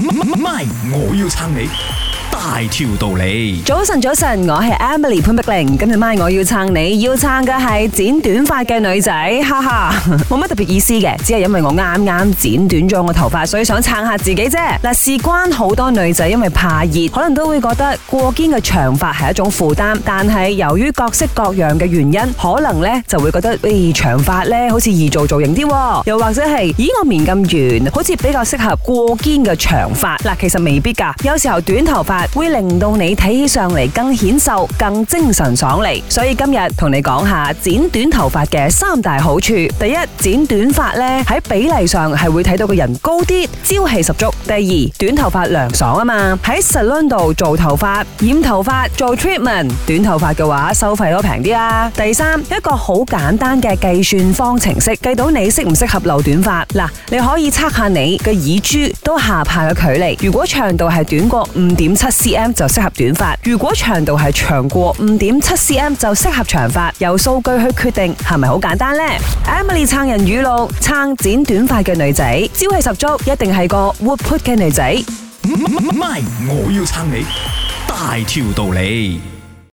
唔，唔，MY，我要撐你。大條道理，早晨早晨，我係 Emily 潘碧玲，今日晚我要撐你要撐嘅係剪短髮嘅女仔，哈哈，冇乜特別意思嘅，只係因為我啱啱剪短咗我頭髮，所以想撐下自己啫。嗱，事關好多女仔，因為怕熱，可能都會覺得過肩嘅長髮係一種負擔，但係由於各式各樣嘅原因，可能咧就會覺得誒、欸、長髮咧好似易做造，造型啲、哦，又或者係咦，我面咁圓，好似比較適合過肩嘅長髮。嗱，其實未必噶，有時候短頭髮。會令到你睇起上嚟更顯瘦、更精神爽利，所以今日同你講下剪短頭髮嘅三大好處。第一，剪短髮呢，喺比例上係會睇到個人高啲、朝氣十足。第二，短頭髮涼爽啊嘛，喺 salon 度做頭髮、染頭髮、做 treatment，短頭髮嘅話收費都平啲啊。第三，一個好簡單嘅計算方程式，計到你適唔適合留短髮。嗱，你可以測下你嘅耳珠到下巴嘅距離，如果長度係短過五點七 cm 就適合短髮，如果長度係長過五點七 cm 就適合長髮，由數據去決定係咪好簡單呢 Emily 撐人語錄，撐剪短髮嘅女仔，朝氣十足，一定係個活潑嘅女仔。MY，我要撐你，大條道理。